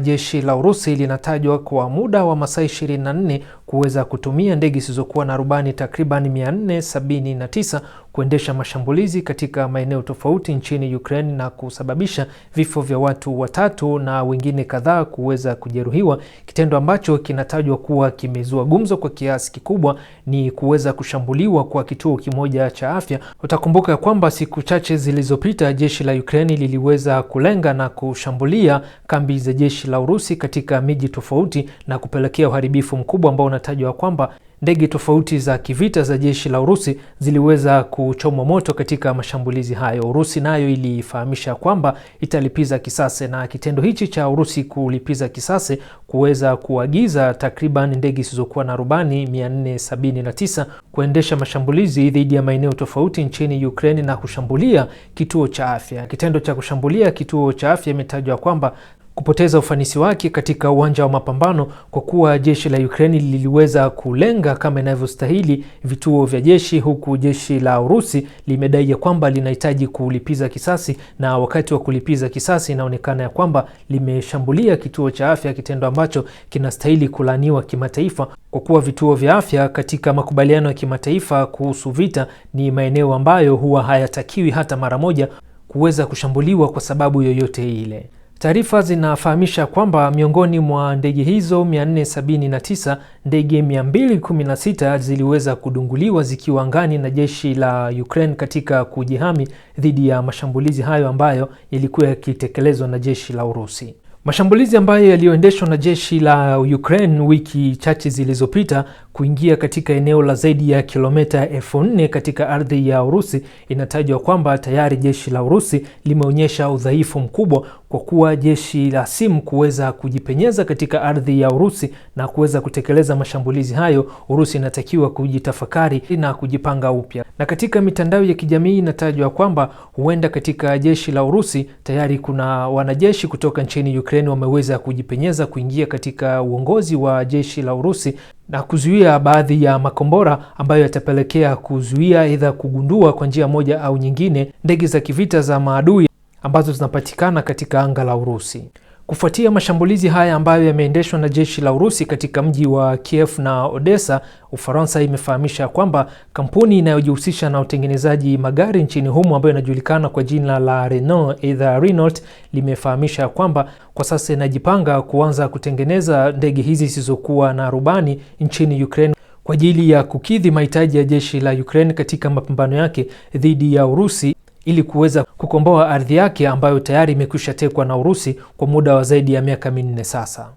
Jeshi la Urusi linatajwa kwa muda wa masaa 24 kuweza kutumia ndege zisizokuwa na rubani takriban 479 kuendesha mashambulizi katika maeneo tofauti nchini Ukraine na kusababisha vifo vya watu watatu na wengine kadhaa kuweza kujeruhiwa, kitendo ambacho kinatajwa kuwa kimezua gumzo kwa kiasi kikubwa ni kuweza kushambuliwa kwa kituo kimoja cha afya. Utakumbuka kwamba siku chache zilizopita jeshi la Ukraine liliweza kulenga na kushambulia kambi za jeshi la Urusi katika miji tofauti na kupelekea uharibifu mkubwa ambao kunatajwa kwamba ndege tofauti za kivita za jeshi la Urusi ziliweza kuchomwa moto katika mashambulizi hayo. Urusi nayo ilifahamisha kwamba italipiza kisasi, na kitendo hichi cha Urusi kulipiza kisasi kuweza kuagiza takriban ndege zisizokuwa na rubani 479 kuendesha mashambulizi dhidi ya maeneo tofauti nchini Ukraine na kushambulia kituo cha afya. Kitendo cha kushambulia kituo cha afya imetajwa kwamba kupoteza ufanisi wake katika uwanja wa mapambano kwa kuwa jeshi la Ukraini liliweza kulenga kama inavyostahili vituo vya jeshi, huku jeshi la Urusi limedai ya kwamba linahitaji kulipiza kisasi, na wakati wa kulipiza kisasi inaonekana ya kwamba limeshambulia kituo cha afya, kitendo ambacho kinastahili kulaaniwa kimataifa, kwa kuwa vituo vya afya katika makubaliano ya kimataifa kuhusu vita ni maeneo ambayo huwa hayatakiwi hata mara moja kuweza kushambuliwa kwa sababu yoyote ile. Taarifa zinafahamisha kwamba miongoni mwa ndege hizo 479, ndege 216 ziliweza kudunguliwa zikiwa angani na jeshi la Ukraine katika kujihami dhidi ya mashambulizi hayo ambayo yalikuwa yakitekelezwa na jeshi la Urusi. Mashambulizi ambayo yaliyoendeshwa na jeshi la Ukraine wiki chache zilizopita kuingia katika eneo la zaidi ya kilomita elfu nne katika ardhi ya Urusi, inatajwa kwamba tayari jeshi la Urusi limeonyesha udhaifu mkubwa kwa kuwa jeshi la simu kuweza kujipenyeza katika ardhi ya Urusi na kuweza kutekeleza mashambulizi hayo, Urusi inatakiwa kujitafakari na kujipanga upya. Na katika mitandao ya kijamii inatajwa kwamba huenda katika jeshi la Urusi tayari kuna wanajeshi kutoka nchini Ukraine wameweza kujipenyeza kuingia katika uongozi wa jeshi la Urusi na kuzuia baadhi ya makombora ambayo yatapelekea kuzuia, aidha kugundua kwa njia moja au nyingine, ndege za kivita za maadui ambazo zinapatikana katika anga la Urusi. Kufuatia mashambulizi haya ambayo yameendeshwa na jeshi la Urusi katika mji wa Kiev na Odessa, Ufaransa imefahamisha kwamba kampuni inayojihusisha na utengenezaji magari nchini humo ambayo inajulikana kwa jina la Renault, aidha Renault, limefahamisha kwamba kwa sasa inajipanga kuanza kutengeneza ndege hizi zisizokuwa na rubani nchini Ukraine kwa ajili ya kukidhi mahitaji ya jeshi la Ukraine katika mapambano yake dhidi ya Urusi ili kuweza kukomboa ardhi yake ambayo tayari imekwisha tekwa na Urusi kwa muda wa zaidi ya miaka minne sasa.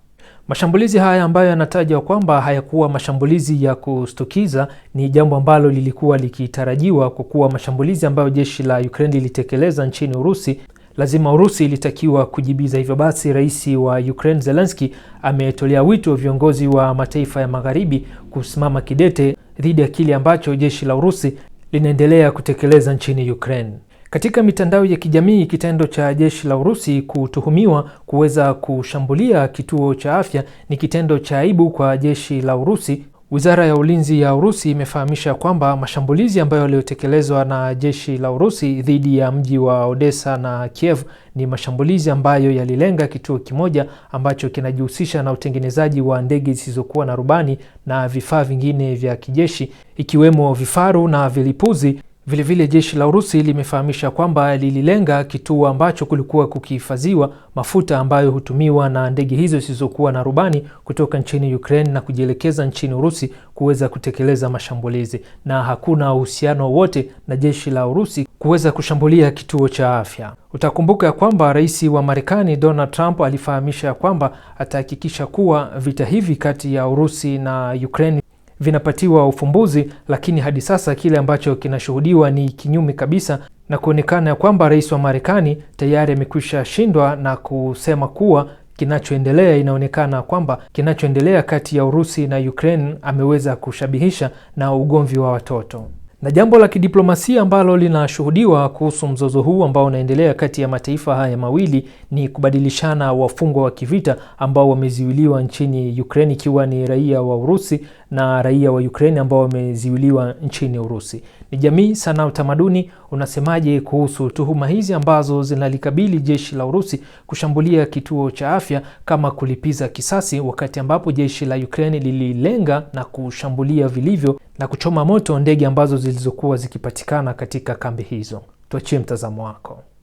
Mashambulizi haya ambayo yanatajwa kwamba hayakuwa mashambulizi ya kustukiza ni jambo ambalo lilikuwa likitarajiwa, kwa kuwa mashambulizi ambayo jeshi la Ukraine lilitekeleza nchini Urusi, lazima Urusi ilitakiwa kujibiza. Hivyo basi, rais wa Ukraine Zelensky ametolea wito viongozi wa mataifa ya magharibi kusimama kidete dhidi ya kile ambacho jeshi la Urusi linaendelea kutekeleza nchini Ukraine. Katika mitandao ya kijamii, kitendo cha jeshi la Urusi kutuhumiwa kuweza kushambulia kituo cha afya ni kitendo cha aibu kwa jeshi la Urusi. Wizara ya Ulinzi ya Urusi imefahamisha kwamba mashambulizi ambayo yaliyotekelezwa na jeshi la Urusi dhidi ya mji wa Odessa na Kiev ni mashambulizi ambayo yalilenga kituo kimoja ambacho kinajihusisha na utengenezaji wa ndege zisizokuwa na rubani na vifaa vingine vya kijeshi ikiwemo vifaru na vilipuzi Vilevile jeshi la Urusi limefahamisha kwamba lililenga kituo ambacho kulikuwa kukihifadhiwa mafuta ambayo hutumiwa na ndege hizo zisizokuwa na rubani kutoka nchini Ukraine na kujielekeza nchini Urusi kuweza kutekeleza mashambulizi, na hakuna uhusiano wote na jeshi la Urusi kuweza kushambulia kituo cha afya. Utakumbuka kwamba rais wa Marekani Donald Trump alifahamisha kwamba atahakikisha kuwa vita hivi kati ya Urusi na Ukraine vinapatiwa ufumbuzi, lakini hadi sasa kile ambacho kinashuhudiwa ni kinyume kabisa na kuonekana ya kwamba rais wa Marekani tayari amekwisha shindwa na kusema kuwa kinachoendelea inaonekana kwamba kinachoendelea kati ya Urusi na Ukraine ameweza kushabihisha na ugomvi wa watoto. Na jambo la kidiplomasia ambalo linashuhudiwa kuhusu mzozo huu ambao unaendelea kati ya mataifa haya mawili ni kubadilishana wafungwa wa kivita ambao wameziwiliwa nchini Ukraine, ikiwa ni raia wa Urusi na raia wa Ukraine ambao wameziwiliwa nchini Urusi. Ni jamii sana, utamaduni unasemaje kuhusu tuhuma hizi ambazo zinalikabili jeshi la Urusi kushambulia kituo cha afya kama kulipiza kisasi, wakati ambapo jeshi la Ukraine lililenga na kushambulia vilivyo na kuchoma moto ndege ambazo zilizokuwa zikipatikana katika kambi hizo? Tuachie mtazamo wako.